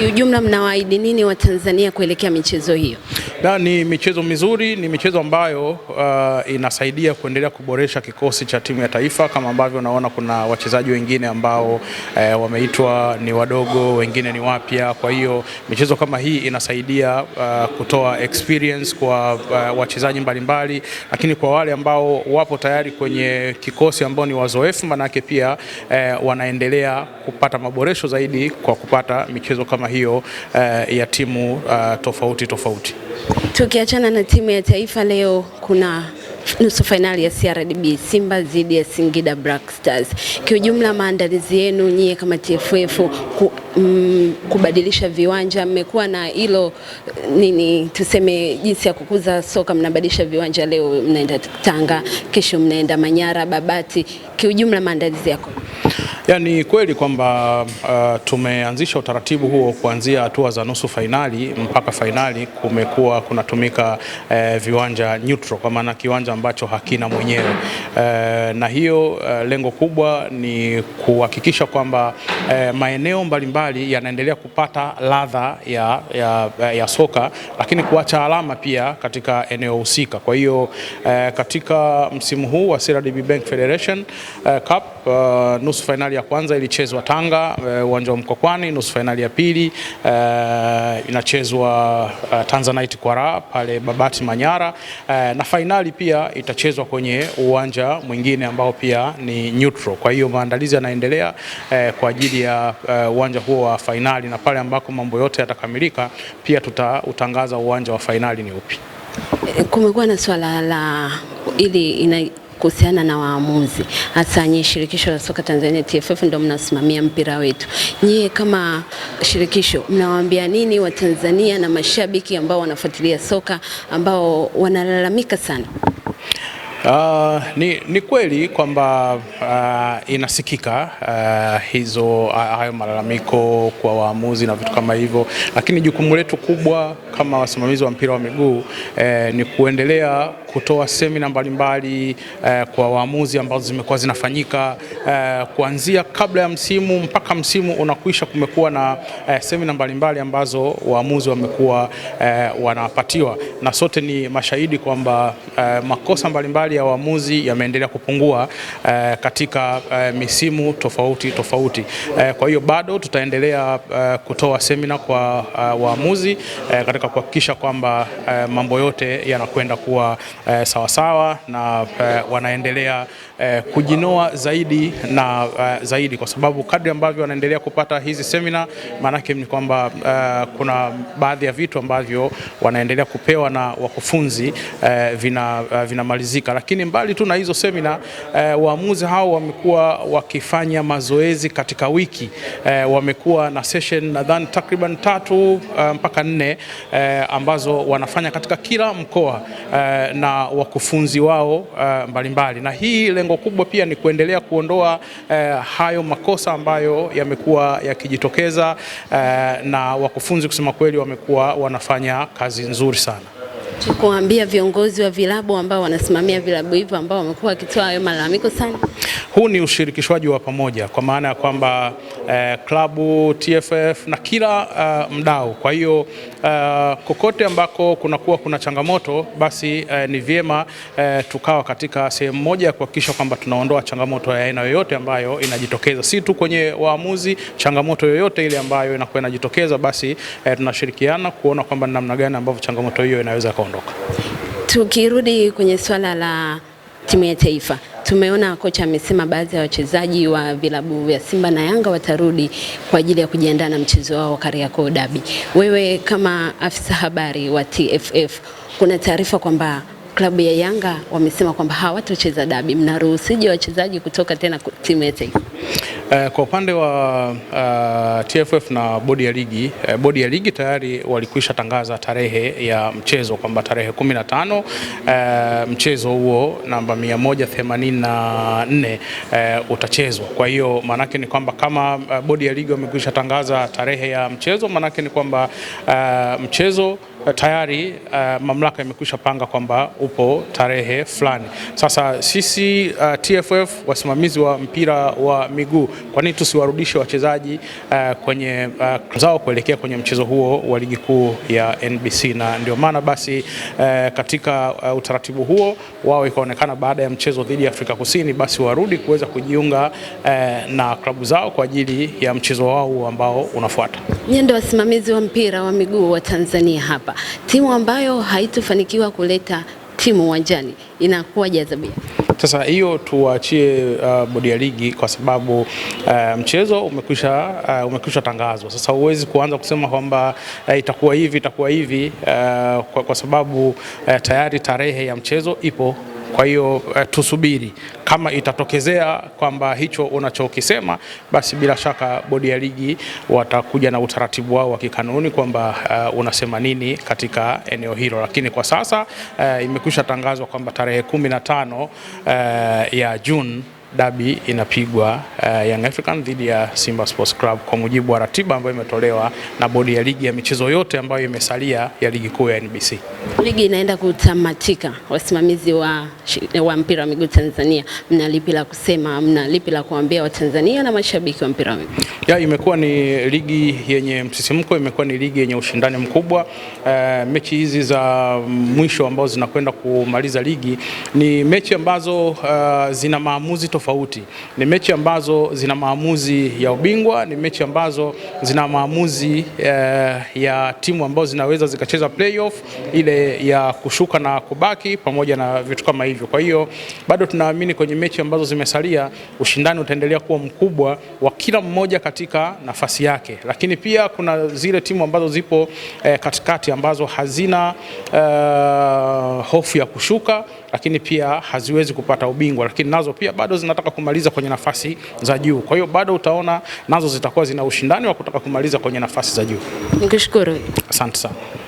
kiujumla mnawaahidi nini Watanzania kuelekea michezo hiyo? Na ni michezo mizuri, ni michezo ambayo uh, inasaidia kuendelea kuboresha kikosi cha timu ya taifa, kama ambavyo unaona kuna wachezaji wengine ambao uh, wameitwa ni wadogo, wengine ni wapya. Kwa hiyo michezo kama hii inasaidia uh, kutoa experience kwa uh, wachezaji mbalimbali, lakini kwa wale ambao wapo tayari kwenye kikosi ambao ni wazoefu, manake pia uh, wanaendelea kupata maboresho zaidi kwa kupata michezo kama hiyo uh, ya timu uh, tofauti tofauti. Tukiachana na timu ya taifa leo kuna nusu fainali ya CRDB Simba dhidi ya Singida Black Stars. Kiujumla, maandalizi yenu nyie kama TFF ku, mm, kubadilisha viwanja, mmekuwa na hilo eh, nini, tuseme jinsi ya kukuza soka, mnabadilisha viwanja, leo mnaenda Tanga, kesho mnaenda Manyara, Babati. Kiujumla maandalizi yako ya, ni kweli kwamba uh, tumeanzisha utaratibu huo kuanzia hatua za nusu fainali mpaka fainali. Kumekuwa kunatumika uh, viwanja neutral, kwa maana kiwanja ambacho hakina mwenyewe uh, na hiyo uh, lengo kubwa ni kuhakikisha kwamba uh, maeneo mbalimbali yanaendelea kupata ladha ya, ya, ya soka, lakini kuacha alama pia katika eneo husika. Kwa hiyo uh, katika msimu huu wa Sierra Bank Federation uh, Cup Uh, nusu fainali ya kwanza ilichezwa Tanga uh, uwanja uh, wa Mkokwani. Nusu fainali ya pili uh, inachezwa uh, Tanzanite Kwaraa pale Babati Manyara uh, na fainali pia itachezwa kwenye uwanja mwingine ambao pia ni neutral. Kwa hiyo maandalizi yanaendelea uh, kwa ajili ya uh, uwanja uh, huo wa fainali, na pale ambako mambo yote yatakamilika pia tutautangaza uwanja wa fainali ni upi. Eh, kumekuwa na swala la ili ina kuhusiana na waamuzi, hasa nyie shirikisho la soka Tanzania TFF ndio mnasimamia mpira wetu, nyie kama shirikisho mnawaambia nini Watanzania na mashabiki ambao wanafuatilia soka ambao wanalalamika sana? Uh, ni, ni kweli kwamba uh, inasikika uh, hizo uh, hayo malalamiko kwa waamuzi na vitu kama hivyo, lakini jukumu letu kubwa kama wasimamizi wa mpira wa miguu eh, ni kuendelea kutoa semina mbalimbali eh, kwa waamuzi ambazo zimekuwa zinafanyika eh, kuanzia kabla ya msimu mpaka msimu unakwisha. Kumekuwa na eh, semina mbalimbali ambazo waamuzi wamekuwa eh, wanapatiwa, na sote ni mashahidi kwamba eh, makosa mbalimbali makali ya waamuzi yameendelea kupungua eh, katika eh, misimu tofauti tofauti eh, kwa hiyo bado tutaendelea eh, kutoa semina kwa eh, waamuzi eh, katika kuhakikisha kwamba eh, mambo yote yanakwenda kuwa eh, sawasawa na eh, wanaendelea eh, kujinoa zaidi na eh, zaidi, kwa sababu kadri ambavyo wanaendelea kupata hizi semina, maanake ni kwamba eh, kuna baadhi ya vitu ambavyo wanaendelea kupewa na wakufunzi eh, vina, eh, vinamalizika lakini mbali tu na hizo semina eh, waamuzi hao wamekuwa wakifanya mazoezi katika wiki eh, wamekuwa na session nadhani takriban tatu eh, mpaka nne eh, ambazo wanafanya katika kila mkoa eh, na wakufunzi wao eh, mbalimbali, na hii lengo kubwa pia ni kuendelea kuondoa eh, hayo makosa ambayo yamekuwa yakijitokeza eh, na wakufunzi kusema kweli wamekuwa wanafanya kazi nzuri sana cha viongozi wa vilabu ambao wanasimamia vilabu hivyo ambao wamekuwa wakitoa hayo malalamiko sana? Huu ni ushirikishwaji wa pamoja kwa maana ya kwamba eh, klabu TFF na kila eh, mdau. Kwa hiyo eh, kokote ambako kunakuwa kuna changamoto basi eh, ni vyema eh, tukawa katika sehemu moja ya kuhakikisha kwamba tunaondoa changamoto ya aina yoyote ambayo inajitokeza, si tu kwenye waamuzi, changamoto yoyote ile ambayo inakuwa inajitokeza basi eh, tunashirikiana kuona kwamba namna gani ambavyo changamoto hiyo inaweza kaondoka kuondoka. Tukirudi kwenye swala la timu ya taifa, tumeona kocha amesema baadhi ya wachezaji wa vilabu vya Simba na Yanga watarudi kwa ajili ya kujiandaa na mchezo wao Kariakoo Derby. Wewe kama afisa habari wa TFF, kuna taarifa kwamba klabu ya Yanga wamesema kwamba hawatocheza dabi, mnaruhusije wachezaji kutoka tena timu ya taifa? Eh, kwa upande wa uh, eh, TFF na bodi ya ligi, eh, bodi ya ligi tayari walikwisha tangaza tarehe ya mchezo kwamba tarehe 15 eh, mchezo huo namba 184 eh, utachezwa. Kwa hiyo maanake ni kwamba kama bodi ya ligi wamekwisha tangaza tarehe ya mchezo, maanake ni kwamba uh, mchezo Eh, tayari uh, mamlaka imekwisha panga kwamba upo tarehe fulani. Sasa sisi uh, eh, TFF wasimamizi wa mpira wa miguu, kwa nini tusiwarudishe wachezaji uh, kwenye uh, zao kuelekea kwenye mchezo huo wa ligi kuu ya NBC? Na ndio maana basi uh, katika uh, utaratibu huo wao ikaonekana baada ya mchezo dhidi ya Afrika Kusini basi warudi kuweza kujiunga uh, na klabu zao kwa ajili ya mchezo wao ambao unafuata. Nyie ndio wasimamizi wa mpira wa miguu wa Tanzania hapa hapa, timu ambayo haitofanikiwa kuleta timu uwanjani inakuwa jazabia. Sasa hiyo tuwaachie uh, bodi ya ligi kwa sababu uh, mchezo umekwisha uh, umekwisha tangazwa. Sasa huwezi kuanza kusema kwamba uh, itakuwa hivi itakuwa hivi uh, kwa, kwa sababu uh, tayari tarehe ya mchezo ipo kwa hiyo eh, tusubiri kama itatokezea kwamba hicho unachokisema basi, bila shaka bodi ya ligi watakuja na utaratibu wao wa kikanuni kwamba uh, unasema nini katika eneo hilo, lakini kwa sasa uh, imekwisha tangazwa kwamba tarehe kumi na tano uh, ya Juni dabi inapigwa uh, Young African dhidi ya Simba Sports Club kwa mujibu wa ratiba ambayo imetolewa na bodi ya ligi ya michezo yote ambayo imesalia ya ligi kuu ya NBC. Ligi inaenda kutamatika. Wasimamizi wa, wa mpira wa miguu Tanzania, mna lipi la kusema? Mna lipi la kuambia Watanzania na mashabiki wa mpira wa miguu? Ya, imekuwa ni ligi yenye msisimko, imekuwa ni ligi yenye ushindani mkubwa. Uh, mechi hizi za mwisho ambazo zinakwenda kumaliza ligi ni mechi ambazo uh, zina maamuzi tofauti. Ni mechi ambazo zina maamuzi ya ubingwa, ni mechi ambazo zina maamuzi eh, ya timu ambazo zinaweza zikacheza playoff ile ya kushuka na kubaki pamoja na vitu kama hivyo. Kwa hiyo bado tunaamini kwenye mechi ambazo zimesalia, ushindani utaendelea kuwa mkubwa wa kila mmoja katika nafasi yake, lakini pia kuna zile timu ambazo zipo eh, katikati ambazo hazina eh, hofu ya kushuka, lakini pia haziwezi kupata ubingwa, lakini nazo pia bado zina unataka kumaliza kwenye nafasi za juu. Kwa hiyo bado utaona nazo zitakuwa zina ushindani wa kutaka kumaliza kwenye nafasi za juu. Nikushukuru. Asante sana.